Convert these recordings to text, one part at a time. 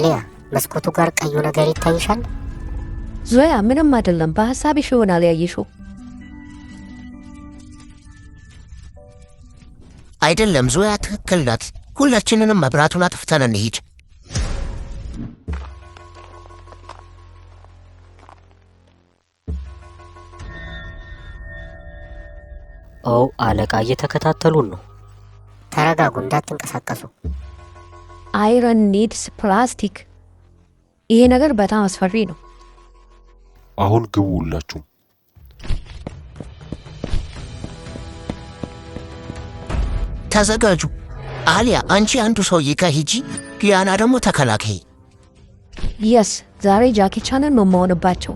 አሊያ መስኮቱ ጋር ቀዩ ነገር ይታይሻል። ዞያ ምንም አይደለም፣ በሀሳብሽ ይሆናል ያየሽው። አይደለም ዞያ ትክክል ናት። ሁላችንንም መብራቱን አጥፍተን እንሂድ። ኦ አለቃ፣ እየተከታተሉን ነው። ተረጋጉ፣ እንዳትንቀሳቀሱ። አይረን ኒድስ ፕላስቲክ። ይሄ ነገር በጣም አስፈሪ ነው። አሁን ግቡ ሁላችሁም። ተዘጋጁ። አሊያ አንቺ አንዱ ሰውዬ ጋር ሂጂ፣ ሊያና ደግሞ ተከላከይ። የስ ዛሬ ጃኪ ቻንን ነው መሆንባቸው።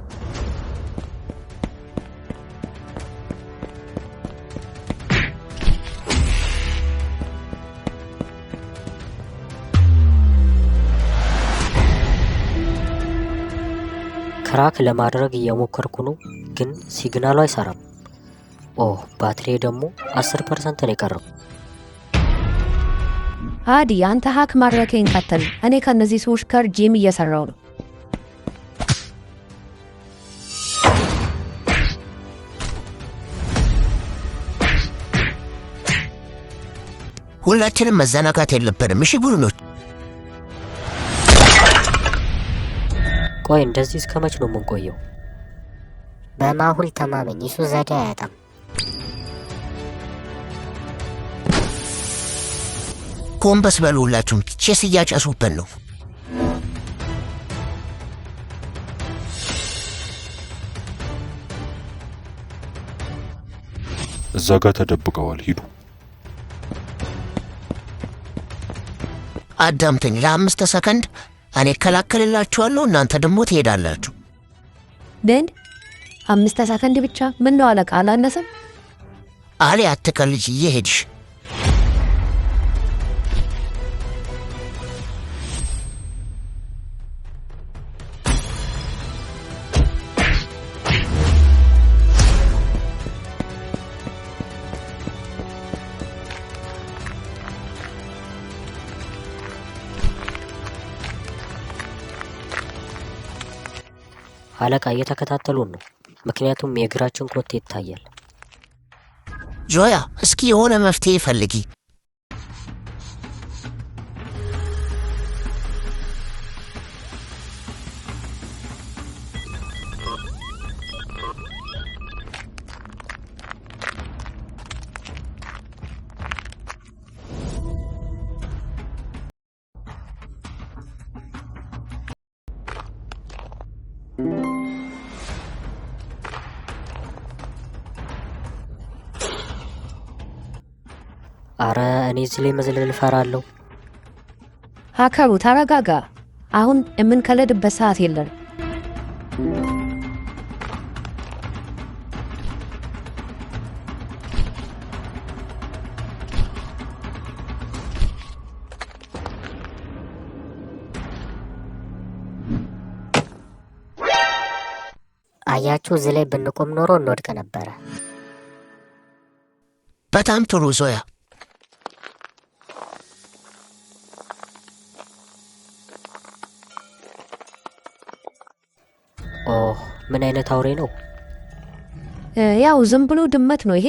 ትራክ ለማድረግ እየሞከርኩ ነው፣ ግን ሲግናሉ አይሰራም። ኦ ባትሪ ደግሞ 10 ፐርሰንት ነው የቀረው። አዲ አንተ ሀክ ማድረግህን ቀጥል። እኔ ከነዚህ ሰዎች ጋር ጂም እየሰራው ነው። ሁላችንም መዘናጋት የለብንም። እሺ ቡድኖች ቆይ እንደዚህ እስከ መች ነው የምንቆየው? በማሁል ተማመኝ፣ እሱ ዘዴ አያጣም። ኮምበስ በሉ ሁላችሁም፣ ቼስ እያጨሱበት ነው። እዛ ጋር ተደብቀዋል፣ ሂዱ። አዳምተኝ ለአምስት ሰከንድ እኔ እከላከልላችኋለሁ፣ እናንተ ደግሞ ትሄዳላችሁ። ደን አምስት ሰከንድ ብቻ። ምን ነው አለቃ፣ አላነሰም? አሌ አትከልጅ፣ እየሄድሽ አለቃ እየተከታተሉን ነው። ምክንያቱም የእግራችን ኮቴ ይታያል። ጆያ፣ እስኪ የሆነ መፍትሄ ፈልጊ። thank mm -hmm. you አረ እኔ እዚህ ላይ መዝለል እፈራለሁ። ሀከሩ ተረጋጋ። አሁን የምንከለድበት ሰዓት የለን። አያችሁ፣ እዚህ ላይ ብንቆም ኖሮ እንወድቅ ነበረ። በጣም ጥሩ ዞያ ምን አይነት አውሬ ነው? ያው ዝም ብሎ ድመት ነው ይሄ።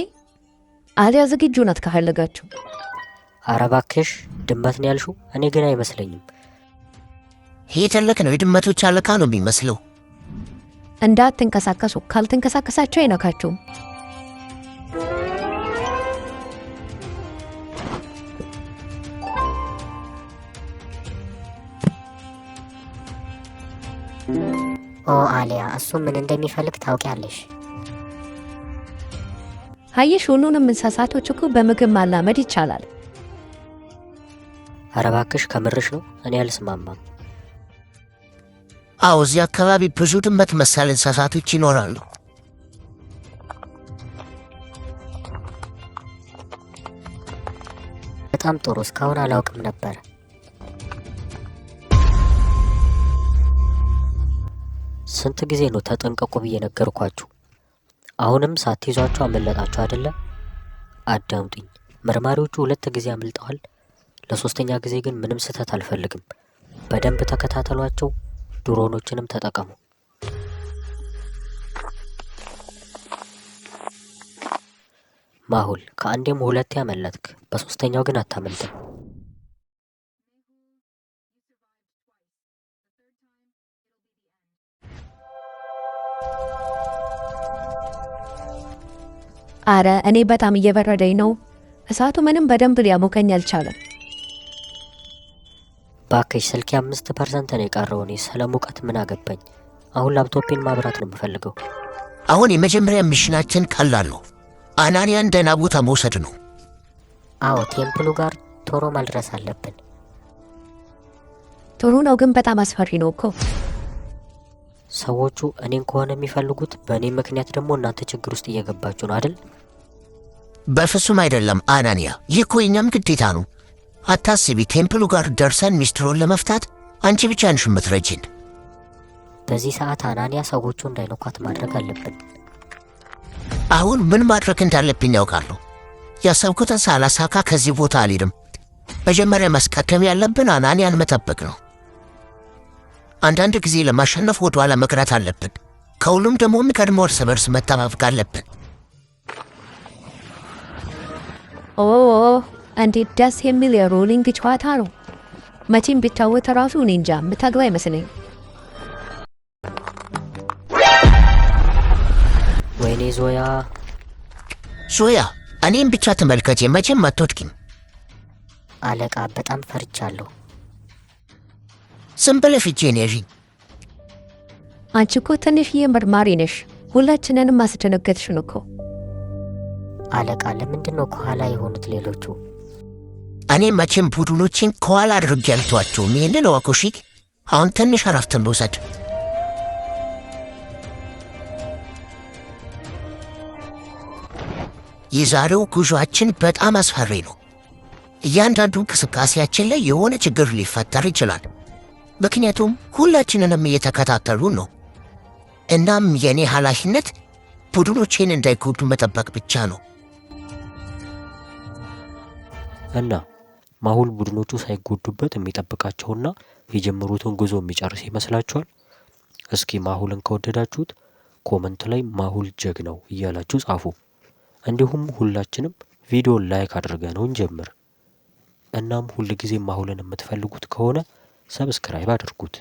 አሊያ ዝግጁ ናት ካፈለጋችሁ። አረ ድመት ነው ያልሹ? እኔ ግን አይመስለኝም። ይሄ ትልቅ ነው፣ የድመቶች አለካ ነው የሚመስለው። እንዳትንቀሳቀሱ፣ ካልተንቀሳቀሳቸው አይነካቸውም። Thank ኦ አሊያ፣ እሱ ምን እንደሚፈልግ ታውቂያለሽ? አየሽ፣ ሁሉንም እንስሳቶች እኮ በምግብ ማላመድ ይቻላል። ኧረ እባክሽ ከምርሽ ነው? እኔ አልስማማም። አዎ፣ እዚህ አካባቢ ብዙ ድመት መሳል እንስሳቶች ይኖራሉ። በጣም ጥሩ። እስካሁን አላውቅም ነበር። ስንት ጊዜ ነው ተጠንቀቁ ብዬ ነገርኳችሁ? አሁንም ሳትይዟቸው አመለጣችሁ አደለ? አዳምጡኝ። መርማሪዎቹ ሁለት ጊዜ አምልጠዋል። ለሶስተኛ ጊዜ ግን ምንም ስህተት አልፈልግም። በደንብ ተከታተሏቸው፣ ድሮኖችንም ተጠቀሙ። ማሁል ከአንዴም ሁለቴ አመለጥክ፣ በሶስተኛው ግን አታመልጥም። አረ እኔ በጣም እየበረደኝ ነው። እሳቱ ምንም በደንብ ሊያሞቀኝ አልቻለም። ባክሽ ስልኪ አምስት ፐርሰንት ነው የቀረው። እኔ ስለ ሙቀት ምን አገባኝ? አሁን ላፕቶፔን ማብራት ነው የምፈልገው። አሁን የመጀመሪያ ሚሽናችን ቀላል ነው። አናንያን ደህና ቦታ መውሰድ ነው። አዎ ቴምፕሉ ጋር ቶሮ ማድረስ አለብን። ጥሩ ነው፣ ግን በጣም አስፈሪ ነው እኮ ሰዎቹ እኔን ከሆነ የሚፈልጉት በእኔ ምክንያት ደግሞ እናንተ ችግር ውስጥ እየገባችሁ ነው አይደል? በፍጹም አይደለም አናንያ፣ ይህ እኮ የእኛም ግዴታ ነው። አታስቢ፣ ቴምፕሉ ጋር ደርሰን ሚስትሮን ለመፍታት አንቺ ብቻ ነሽ የምትረጂን። በዚህ ሰዓት አናንያ፣ ሰዎቹ እንዳይነኳት ማድረግ አለብን። አሁን ምን ማድረግ እንዳለብኝ ያውቃለሁ። ያሰብኩትን ሳላሳካ ከዚህ ቦታ አልሄድም። መጀመሪያ መስቀከም ያለብን አናንያን መጠበቅ ነው። አንዳንድ ጊዜ ለማሸነፍ ወደ ኋላ መቅረት አለብን። ከሁሉም ደግሞ የሚቀድሞ እርስ በርስ መተፋፈቅ አለብን። ኦ እንዴት ደስ የሚል የሮሊንግ ጨዋታ ነው! መቼም ቢታወት ራሱ እኔ እንጃ የምታግባ አይመስለኝ። ወይኔ ዞያ ዞያ፣ እኔም ብቻ ተመልከቼ መቼም አትወድቂም። አለቃ፣ በጣም ፈርቻለሁ። ዝም ብለሽ እጄን ያዥኝ። አንቺ እኮ ትንሽዬ መርማሪ ነሽ። ሁላችንንም አስደነገጥሽን እኮ አለቃ። ለምንድን ነው ከኋላ የሆኑት ሌሎቹ? እኔ መቼም ቡድኖችን ከኋላ አድርጌ አልተዋቸውም። ይህንን እወቁ አሁን ትንሽ አረፍትን እንውሰድ። የዛሬው ጉዞአችን በጣም አስፈሪ ነው። እያንዳንዱ እንቅስቃሴያችን ላይ የሆነ ችግር ሊፈጠር ይችላል። ምክንያቱም ሁላችንንም እየተከታተሉ ነው። እናም የእኔ ኃላፊነት ቡድኖቼን እንዳይጎዱ መጠበቅ ብቻ ነው። እና ማሁል ቡድኖቹ ሳይጎዱበት የሚጠብቃቸውና የጀመሩትን ጉዞ የሚጨርስ ይመስላችኋል? እስኪ ማሁልን ከወደዳችሁት ኮመንት ላይ ማሁል ጀግ ነው እያላችሁ ጻፉ። እንዲሁም ሁላችንም ቪዲዮን ላይክ አድርገነው እንጀምር። እናም ሁልጊዜ ማሁልን የምትፈልጉት ከሆነ ሰብስክራይብ አድርጉት